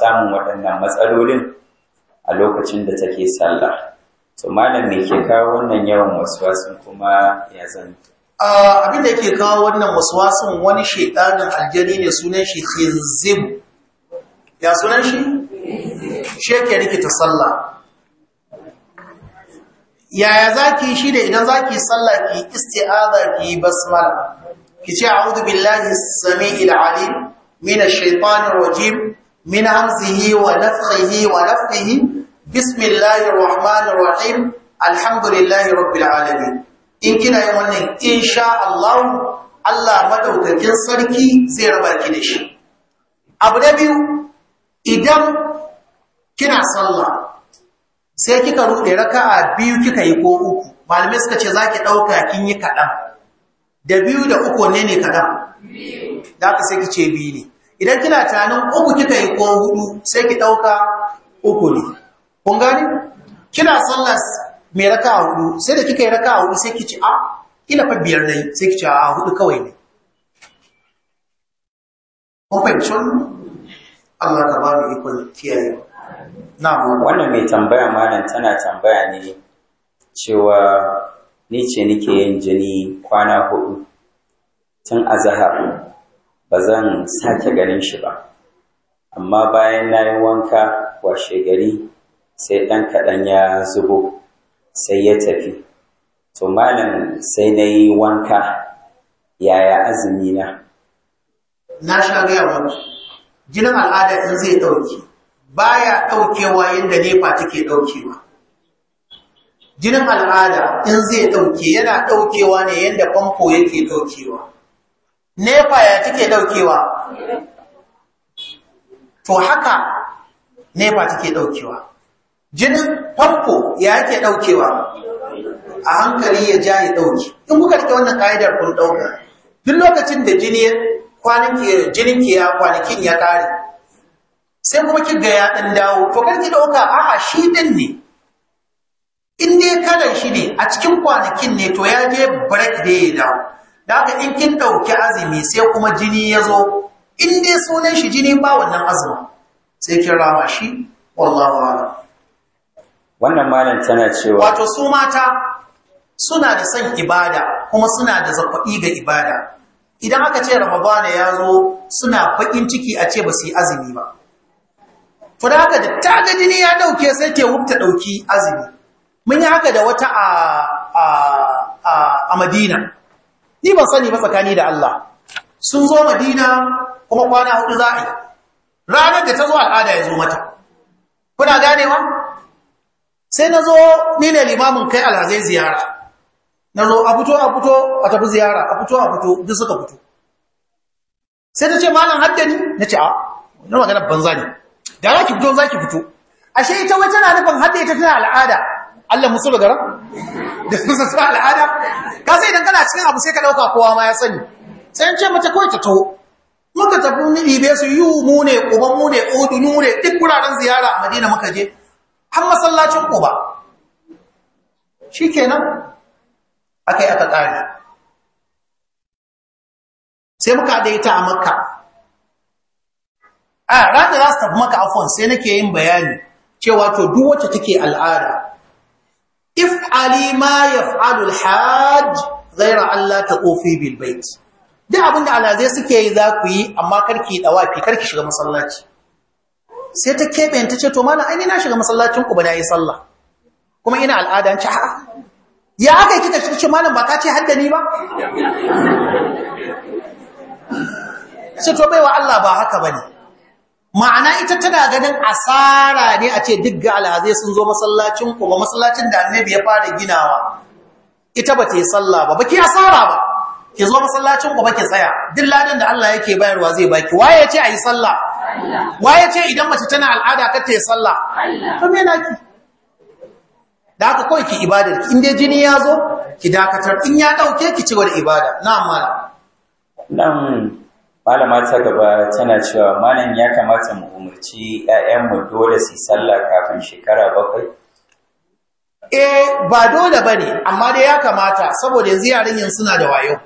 samun waɗannan matsalolin a lokacin da take sallah to malam me ke kawo wannan yawan waswasin kuma ya zan abin da ke kawo wannan waswasin wani shekarun aljani ne sunan shi khizib ya sunan shi shi rike rikita sallah yaya za ki shi da idan za ki sallah ki isti'aza ki basmala ki ce "A'udu billahi sami samiil mina shaitanin shaitanir min همزه wa ونفخه wa الله الرحمن الرحيم الحمد لله رب alamin. in kina yin wannan insha Allah Allah madaukakin sarki zai raba ki da shi abu biyu idan kina sallah sai kika rufe raka'a biyu kika yi ko uku malamai suka ce zaki dauka kin yi kadan da biyu da uku ne ne kadan da ka sai kice biyu ne idan kina tunanin uku kika yi ko hudu sai ki dauka uku ne kun gani kina sallas mai raka hudu sai da kika yi raka hudu sai ki ci a ah, kina fa biyar ne sai ki ci a ah, hudu kawai ne fa fahimci Allah ta ba mu ikon kiyaye na'am wannan mai tambaya malam tana tambaya ne cewa ni ce nike yin jini kwana hudu tun azhar ba zan sake ganin shi ba amma bayan na yi wanka washe gari sai ɗan kaɗan ya zubo sai ya tafi to malam sai na yi wanka yaya azumi na na sha gaya wa jinin al'ada in zai ɗauke baya ɗaukewa yadda nefa take ɗaukewa jinin al'ada in zai ɗauke yana ɗaukewa ne yadda famfo yake ɗaukewa nefa ya take daukewa to haka nefa take daukewa jinin famfo ya yake daukewa a hankali ya ja ya dauke in kuka rike wannan ka'idar kun dauka duk lokacin da jini kwanin jinin ki ya kwanakin ya kare sai kuma ki ga ya dan dawo to karki dauka a'a shi din ne in dai kalan shi ne a cikin kwanakin ne to ya je break dai ya dawo da haka in kin ɗauki azumi sai kuma jini ya zo in dai sunan shi jini ba wannan azumin sai kin rama shi wallahu a'lam wannan malam tana cewa wato su mata suna da son ibada kuma suna da zakwaɗi ga ibada idan aka ce ramadana ya zo suna baƙin ciki a ce ba su yi azumi ba fura haka da ta ga jini ya ɗauke sai ke wufta ɗauki azumi mun yi haka da wata a a madina ni ban sani ba tsakani da Allah sun zo madina kuma kwana hudu za a ranar da ta zo al'ada ya zo mata kuna ganewa sai na zo ni ne limamin kai alhazai ziyara na zo a fito a fito a tafi ziyara a fito a fito duk suka fito sai ta ce malam haddani na ce a na magana banza ne da za ki fito za ki fito ashe ita wata na nufin hadda ita tana al'ada Allah musu da garan da su sun san al'ada ka sai idan kana cikin abu sai ka dauka kowa ma ya sani sai an ce mace kawai ta taho muka tafi mun ibe su yu mu ne uba mu ne odu mu ne duk guraren ziyara a Madina muka je har masallacin Quba shikenan akai aka tsare sai muka daita a Makka a ranar za su tafi maka afon sai nake yin bayani cewa to duk wacce take al'ada if'ali ma yaf'alu al-hajj ghayra an la taqufi bil bait duk abinda alazai suke yi za ku yi amma karki dawafi karki shiga masallaci sai ta kebe ta ce to mana ai na shiga masallacin ku ba da yi sallah kuma ina al'ada ce a ya aka yi kika ce malam ba ka ce haddani ba sai to baiwa Allah ba haka bane ma'ana ita tana ganin asara ne a ce duk ga sun zo masallacin ku ba masallacin da annabi ya fara ginawa ita ba ta yi sallah ba baki asara ba ki zo masallacin ku ba ki tsaya duk ladan da Allah yake bayarwa zai baki waye ya ce a yi sallah waye ya ce idan mace tana al'ada kar ta yi sallah to me ki da ka kawai ki ibada. in dai jini ya zo ki dakatar in ya dauke ki ci gaba da ibada na'am malam malama ta gaba tana cewa malam ya kamata mu umarci ‘ya'yanmu dole su sallah kafin shekara bakwai? eh ba dole ba ne amma dai ya kamata saboda yanzu yarinyar suna da wayo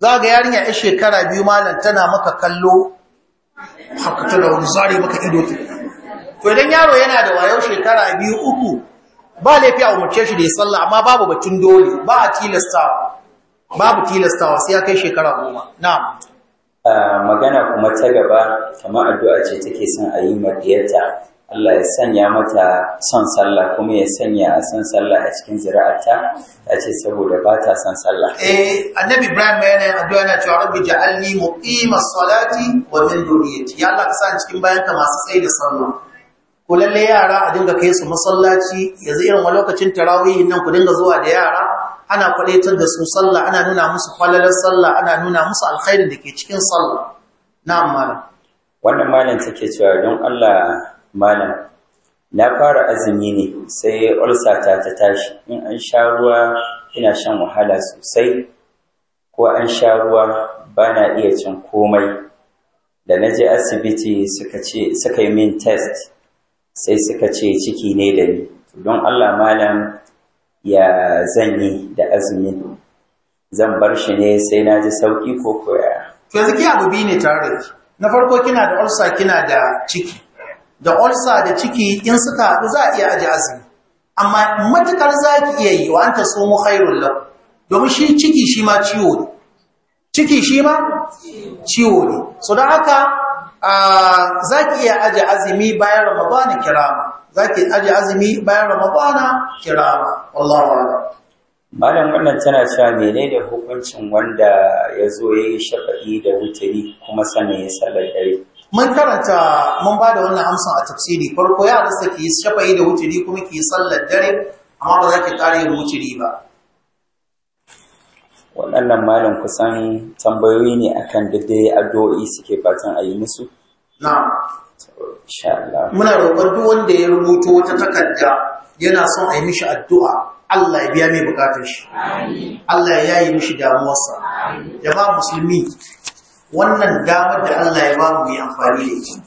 za ga yarinya ya shekara biyu malam tana maka kallo haka tana wani zari maka ido ta. to idan yaro yana da wayo shekara biyu uku ba laifi a umarce shi da ya sallah amma babu batun dole ba a tilastawa babu tilastawa sai ya kai shekara goma na'am magana kuma ta gaba kamar addu'a ce take son a yi madiyarta Allah ya sanya mata son sallah kuma ya sanya a son sallah a cikin zira'arta ta ce saboda ba ta son sallah. Eh annabi Ibrahim yana yin addu'a yana cewa rabbi ja'alni muqima salati wa min dhurriyyati ya Allah ka sa cikin bayan ka masu tsayi da sallah. Ku lalle yara a dinga kai su masallaci yanzu irin wani lokacin tarawihin nan ku dinga zuwa da yara ana kwadaitar da su sallah ana nuna musu kwallalar sallah ana nuna musu alkhairi da ke cikin sallah na'am malam wannan malam take cewa don Allah malam na fara azumi ne sai ulsa ta ta tashi in an sha ruwa ina shan wahala sosai ko an sha ruwa bana iya cin komai da naje asibiti suka ce suka yi min test sai suka ce ciki ne da ni don Allah malam ya zan yi da azumi zan bar shi ne sai na ji sauƙi ko koya. yanzu abu biyu ne tare da Na farko kina da ulsa kina da ciki. Da ulsa da ciki in suka haɗu za a iya aji azumi. Amma matukar za ki iya yi wa an ta tsomo khairun lau. Domin shi ciki shi ma ciwo ne. Ciki shi ma ciwo ne. So don haka ah, za ki iya aji azumi bayan Ramadana kirama. zaki aje azumi bayan ramadana kira wallahu wala bayan wannan tana cewa menene hukuncin wanda ya zo ya yi shafa'i da wutari kuma sanne ya sallar dare mun karanta mun bada wannan amsan a tafsiri farko ya rasa ki yi shafa'i da wutari kuma ki sallar dare amma ba za ki wutari yin ba waɗannan malam kusan tambayoyi ne akan duk addu'o'i suke fatan ayi musu na'am muna roƙar duk wanda ya rubuto wata takarda yana son a yi mishi addu'a Allah ya biya mai buƙatar shi Allah ya yi mishi damuwarsa ya ba musulmi wannan damar da Allah ya ba mu yi amfani da ita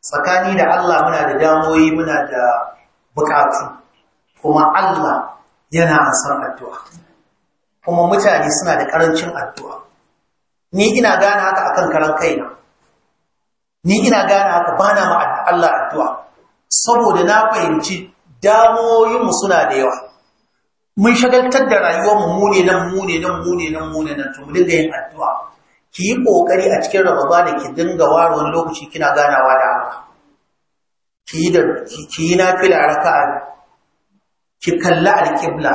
tsakani da Allah muna da damoyi muna da bukatu kuma Allah yana san addu'a kuma mutane suna da ƙarancin addu'a ni ina gane haka akan karan kaina ni ina gane haka bana ma Allah addu'a saboda na fahimci damoyinmu suna da yawa mun shagaltar da rayuwar mu ne nan mu ne nan mu ne nan mu nan to mu dinga yin addu'a ki yi kokari a cikin rababa da ki dinga waro wani lokaci kina ganawa da Allah ki yi da ki yi nafila raka'a ki kalla al-qibla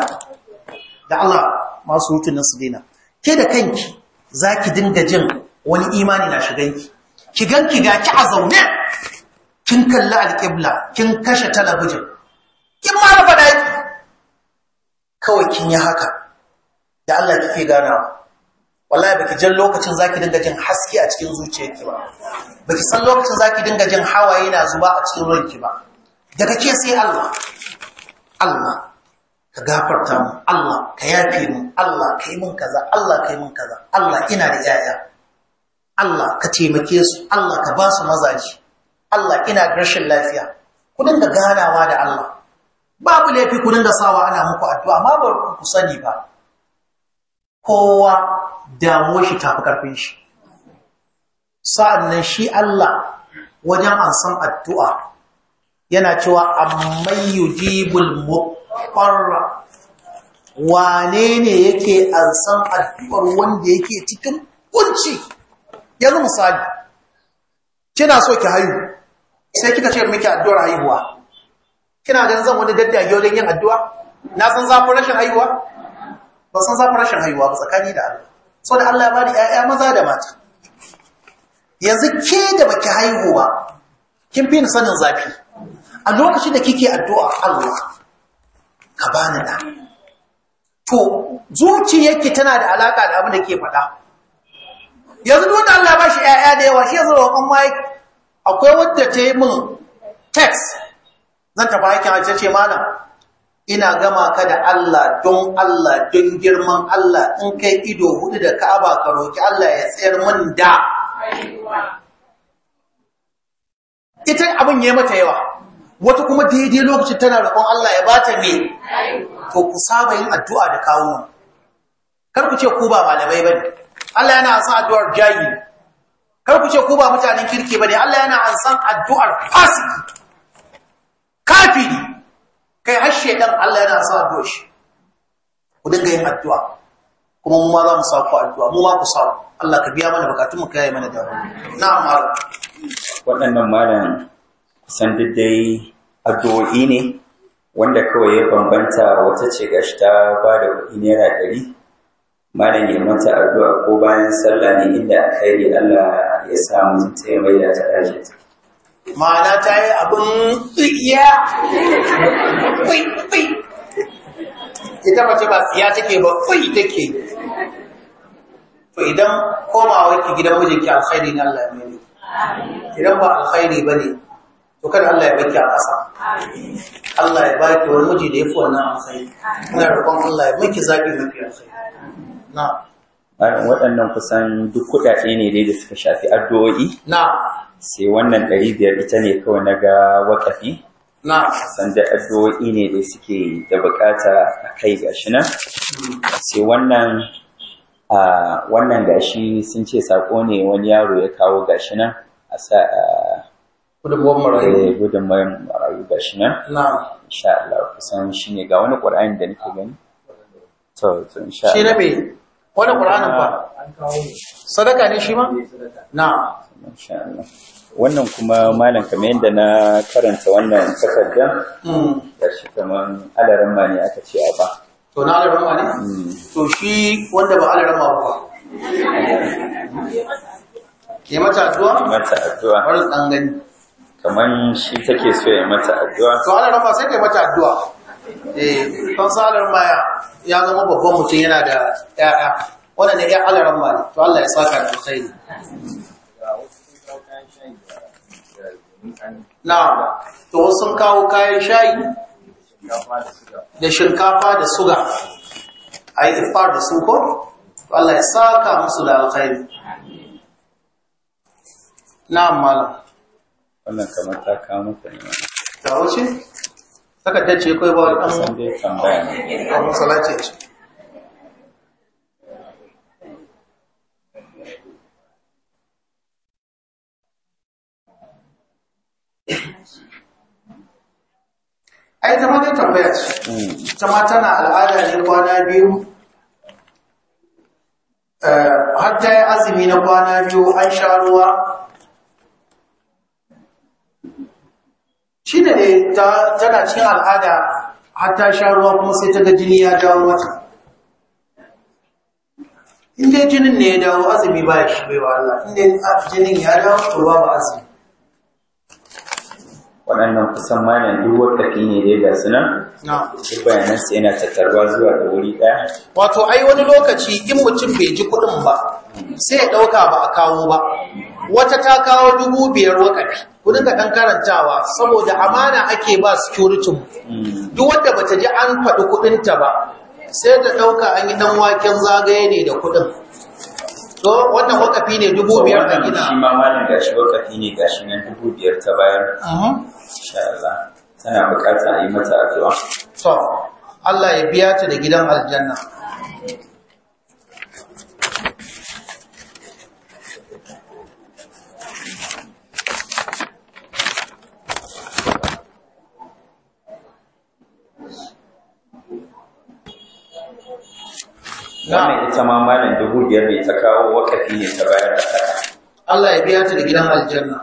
da Allah masu hutun su dina ke da kanki zaki dinga jin wani imani na shiganki ki ganki ga ki a zaune kin kalli alƙibla kin kashe talabijin kin ma rufe yake kawai kin yi haka da Allah kike ganawa wallahi baki jan lokacin zaki dinga jin haske a cikin zuciyarki ba baki san lokacin zaki dinga jin hawaye na zuba a cikin ranki ba daga ke sai Allah Allah ka gafarta mu Allah ka yafe mu Allah ka yi mun kaza Allah ka yi mun kaza Allah ina da yaya Allah ka taimake su Allah ka ba su mazaji Allah ina da rashin lafiya ku dinga ganawa da Allah babu laifi ku dinga sawa ana muku addu'a ma ba ku sani ba kowa damuwa shi tafi karfin shi sa'annan shi Allah wajen ansan addu'a yana cewa amman jibul mukwarra, wane ne yake ansan addu'ar wanda yake cikin kunci yanzu misali kina so ki haihu sai kika ce miki addu'ar haihuwa kina ganin zan wani daddage wajen yin addu'a na san zafin rashin haihuwa ba san zafin rashin haihuwa ba tsakani da Allah so da Allah ya bani ƴaƴa maza da mata yanzu ke da baki haihuwa kin fi sanin zafi a lokacin da kike addu'a Allah ka bani da to zuciyarki tana da alaka da abin da ke faɗa yanzu duk wanda Allah ba shi ƴaƴa da yawa shi yanzu roƙon mai akwai wanda ta yi min text zan tafi aikin a ce malam ina gama ka da Allah don Allah don girman Allah in kai ido hudu da Ka'aba ka roki Allah ya tsayar mun da ita abin yayi mata yawa wata kuma daidai lokacin tana roƙon Allah ya bata me to ku saba yin addu'a da kawo kar ku ce ku ba malamai bane Allah yana san addu'ar jahili kar ku ce ku ba mutanen kirki bane Allah yana ansan addu'ar fasiki kafiri kai har shedan Allah yana san addu'ar shi ku dinga yin addu'a kuma mu ma za mu sa ku addu'a mu ma ku sa Allah ka biya mana bukatun mu kai mana dawo na'am malam waɗannan malam kusan dai addu'o'i ne wanda kawai ya bambanta wata ce gashi ta ba da kuɗi naira ɗari malam ya mata addu'a ko bayan sallah ne inda alkhairi Allah ya samu ta ya mai da dace ma'ana ta yi abin tsiya tsitsitsi ita mace ba tsiya take ba tsai take to idan komawa ki gidan ki alkhairi na Allah ne idan ba alkhairi ba ne to kada Allah ya baki a ƙasa Allah ya baki wani miji da ya fi wannan alkhairi ina roƙon Allah ya miki zaɓi mafi alkhairi waɗannan kusan duk kuɗaɗe ne dai da suka shafi addu'o'i sai wannan ɗari biyar ita ne kawai na ga wakafi sanda addu'o'i ne da suke da buƙata a kai ga shi nan sai wannan a wannan gashi sun ce sako ne wani yaro ya kawo gashi nan a sa a gudunmawar marayu eh, gudunmawar marayu gashi nan insha Allah kusan shi ne ga wani ƙwararren da nake gani to insha Allah wani ƙuranin ba sadaka ne shi ma? na wannan kuma malam kamar yadda na karanta wannan takardar da hmm. shi kamar ma ne aka ce ba to na ma ne? Hmm. to shi wanda ba ma ba ke mata addu'a? mata addu'a wani tsangani kamar shi take so ya mata addu'a to ma sai ke mata addu'a eh kan sa ma ya ya zama babban mutum yana da ƴaƴa ne ya alaran ma to Allah ya saka da Na na to sun kawo kayan shayi da shinkafa da suga ayi ifar da su ko Allah ya saka musu da alkhairi Na mala wannan kamar ta kawo mutane ta wuce takardar ce kawai ba wani an an salati a ciki ai ta tambaya ce zama tana al'ada ne kwana biyu eh, har ta yi azumi na kwana biyu an sha ruwa shi da ne tana cin al'ada hatta sha ruwa kuma sai ta ga jini ya dawo mata inda jinin ne ya dawo azumi ba shi bai wa Allah inda jinin ya dawo to babu azumi waɗannan kusan mana duk wakafi ne dai ga suna na Su bayanan su yana tattarwa zuwa da wuri ɗaya wato ai wani lokaci in mutum bai ji kuɗin ba sai ya ɗauka ba a kawo ba wata ta kawo dubu biyar wakafi ku dinga dan karantawa saboda amana ake ba security hmm. duk wanda bata ji an faɗi kuɗin ta ba sai ta ɗauka an yi dan waken zagaye ne da kuɗin to wannan wakafi ne dubu biyar da gida shi ma malam gashi wakafi ne gashi nan dubu biyar ta bayar insha Allah tana bukata a yi mata addu'a to Allah ya biya ta da gidan aljanna wannan ita ma malam dubu biyar ne ta kawo wakafi ne ta bayar da saka Allah ya biya ta da gidan aljanna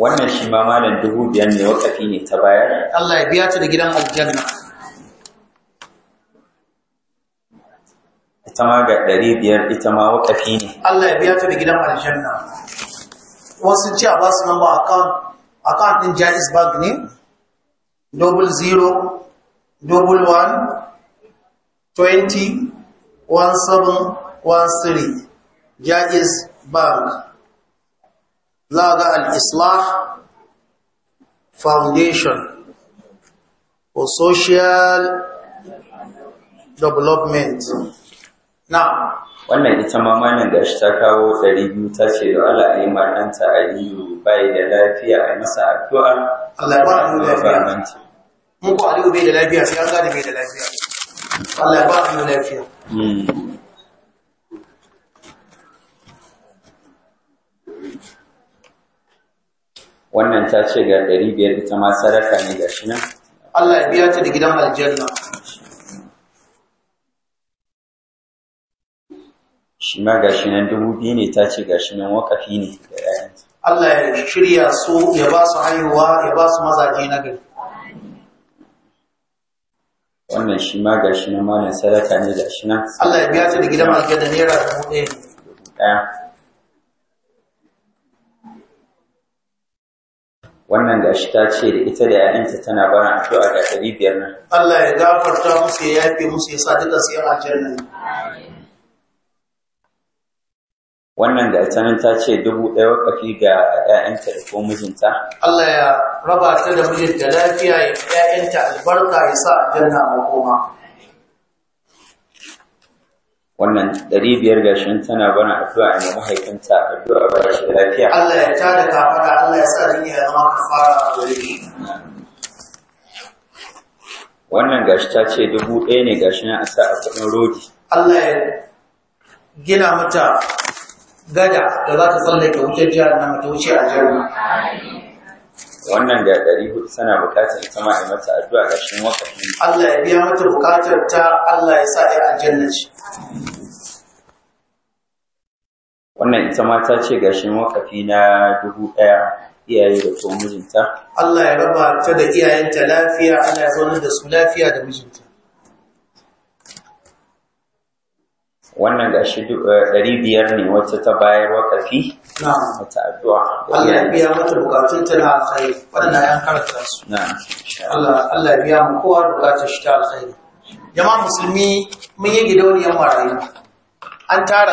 wannan shi ma malam dubu biyar ne wakafi ne ta bayar Allah ya biya ta da gidan aljanna ita ma ga ɗari biyar ita ma waƙafi ne Allah ya biya ta da gidan aljanna wasu ce a su mamba account account ɗin jais bank ne double zero double one twenty one seven one three jais bank za ga al-islah foundation for social development wannan ita ma da shi ta kawo ɗari biyu ta ce da Allah a yi marnanta Aliyu bai da lafiya a masa addu'a Allah ya ba mu lafiya mun ko Aliyu bai da lafiya sai an ne bai da lafiya Allah ya ba mu lafiya hmm. wannan ta ce ga ɗari biyar ita ma sadaka ne gashi nan Allah ya biya ta da gidan aljanna shi ma shi nan dubu biyu ne ta ce shi nan wakafi ne ga 'ya'yanta. Allah ya shirya su ya ba su haihuwa ya ba su mazaje na gari wannan shi ma shi nan malin sadaka ne shi nan Allah ya biya ta da gidan malaka da naira dubu ɗaya ɗaya wannan gashi ta ce da ita da ‘ya'yanta tana bara addu'a ga ɗari biyar nan. Allah ya gafarta musu ya yafe musu ya sa duka su yi aljanna. wannan ga sanin ta ce dubu ɗaya wakafi ga ‘ya'yanta da ko mijinta? Allah ya raba ta da mijinta lafiya ya ‘ya'yanta albarka ya sa a aljanna a makoma. Wannan ɗari biyar ga shi tana bana addu'a ne mahaifinta addu'a ba shi lafiya. Allah ya ta da kafaɗa Allah ya sa duniya da zama kafara a gare Wannan gashi ta ce dubu ɗaya ne gashi na a sa a kuɗin rodi. Allah ya gina mata gada da za ta wuce jihar na ta wuce a jahannama wannan da ɗari hudu tana buƙatar ta ma a mata addu'a ga shi wakafin Allah ya biya mata buƙatar ta Allah ya sa ya aljanna ce wannan ita ma ta ce ga shi wakafi na dubu ɗaya iyaye da kuma mijinta Allah ya raba ta da iyayenta lafiya Allah ya zaunar da su lafiya da mijinta wannan ga shi eh, ɗari biyar ne wacce ta bayar wakafi wata addu'a Allah ya biya mata bukatun ta na alkhairi waɗanda ya karanta su Allah ya biya mu kowa bukatun shi ta alkhairi jama'a musulmi mun yi gidauniyar marayu an tara